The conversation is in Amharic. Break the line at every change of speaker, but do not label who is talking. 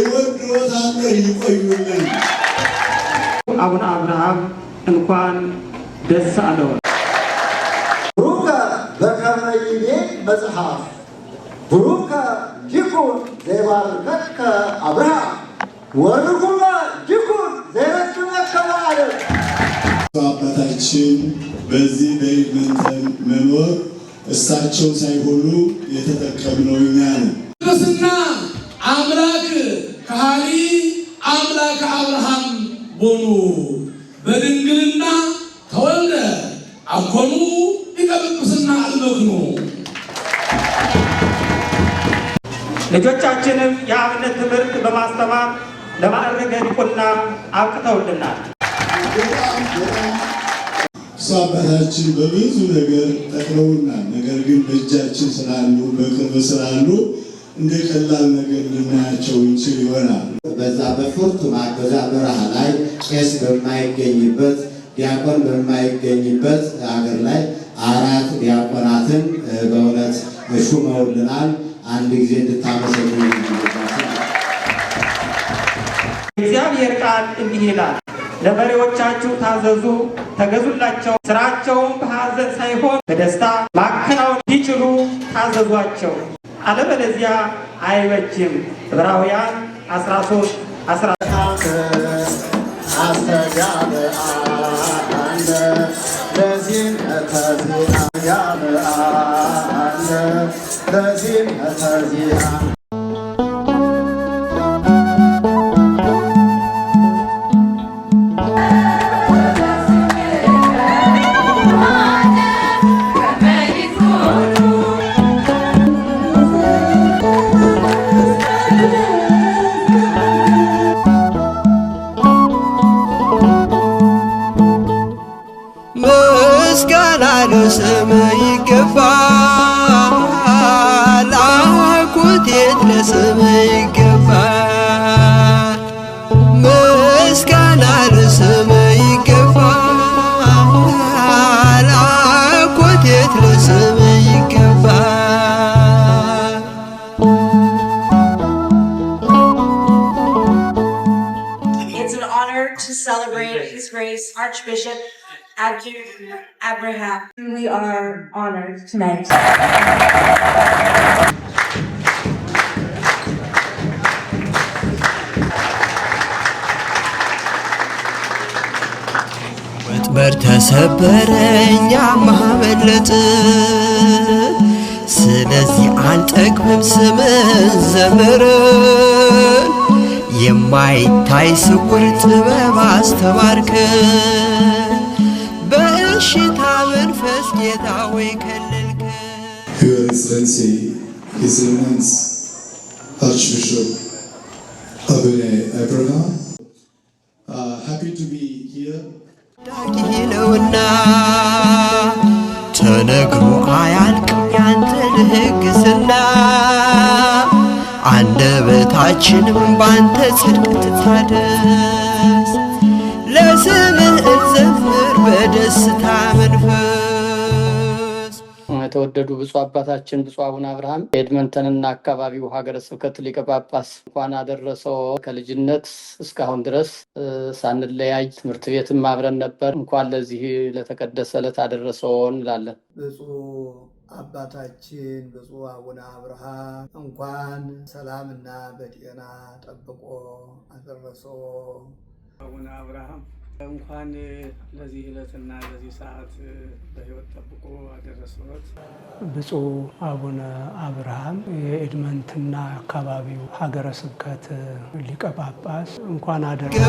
እወድዎታለሁ። ይቆዩልን።
አቡነ አብርሃም እንኳን ደስ አለው።
ብሩከ በከመይቤ መጽሐፍ ብሩከ ዲቁን ዘይባርከከ አብርሃም ወርጉማ ዲቁን ዘይረድመከ በዓለም
አባታችን በዚህ በኢቨንት መኖር እሳቸው ሳይሆኑ የተጠቀምነው እኛ ነው።
ባህሪ አምላክ አብርሃም ቦኑ በድንግልና ተወልደ አኮኑ ሊቀ አልበክኑ
ልጆቻችንም የአብነት ትምህርት በማስተማር ለማዕረገ ዲቁና አብቅተውልናል።
አባታችን በብዙ ነገር ጠቅለውናል። ነገር ግን በእጃችን ስላሉ በቅርብ ስላሉ እንደ ቀላል ነገር ልናያቸው ይችል ይሆናል።
በዛ በፍርቱ ማገዛ በረሃ ላይ ቄስ በማይገኝበት ዲያቆን በማይገኝበት ሀገር ላይ አራት ዲያቆናትን በእውነት ሹመውልናል። አንድ ጊዜ እንድታመሰሉ
እግዚአብሔር ቃል እንዲህ ይላል፣ ለመሪዎቻችሁ ታዘዙ፣ ተገዙላቸው፣ ስራቸውን በሀዘን ሳይሆን በደስታ ማከናወን እንዲችሉ ታዘዟቸው። አለበለዚያ አይበጅም። ዕብራውያን 13 13
It's
an honor to celebrate His Grace Archbishop Abdu Abraham. We are honored tonight.
ከሰበረኛ ማበለጥ ስለዚህ አልጠግብም ስምን ዘምርን የማይታይ ስውር ጥበብ አስተማርከ በእሽታ መንፈስ ጌታ ወይ ከልልከ
Your Excellency, His Eminence, Archbishop Abune Abraham, uh, happy to be here.
ነውና ተነግሮ አያልቅ ያንተ ልህግስና አንደበታችንም ባንተ ጽድቅ ትታደስ ለስምህ እንዘምር በደስታ መንፈስ
የተወደዱ ብፁዕ አባታችን ብፁዕ አቡነ አብርሃም ኤድመንተንና አካባቢው ሀገረ ስብከት ሊቀ ጳጳስ እንኳን አደረሰው። ከልጅነት እስካሁን ድረስ ሳንለያይ ትምህርት ቤትም አብረን ነበር። እንኳን ለዚህ ለተቀደሰ ዕለት አደረሰው እንላለን።
አባታችን ብፁዕ አቡነ አብርሃም እንኳን ሰላምና በጤና ጠብቆ አደረሰው።
አቡነ አብርሃም እንኳን ለዚህ ዕለትና ለዚህ ሰዓት በሕይወት ጠብቆ አደረሰዎት።
ብፁዕ አቡነ አብርሃም የኤድመንትና አካባቢው ሀገረ ስብከት ሊቀ ጳጳስ እንኳን አደረሰ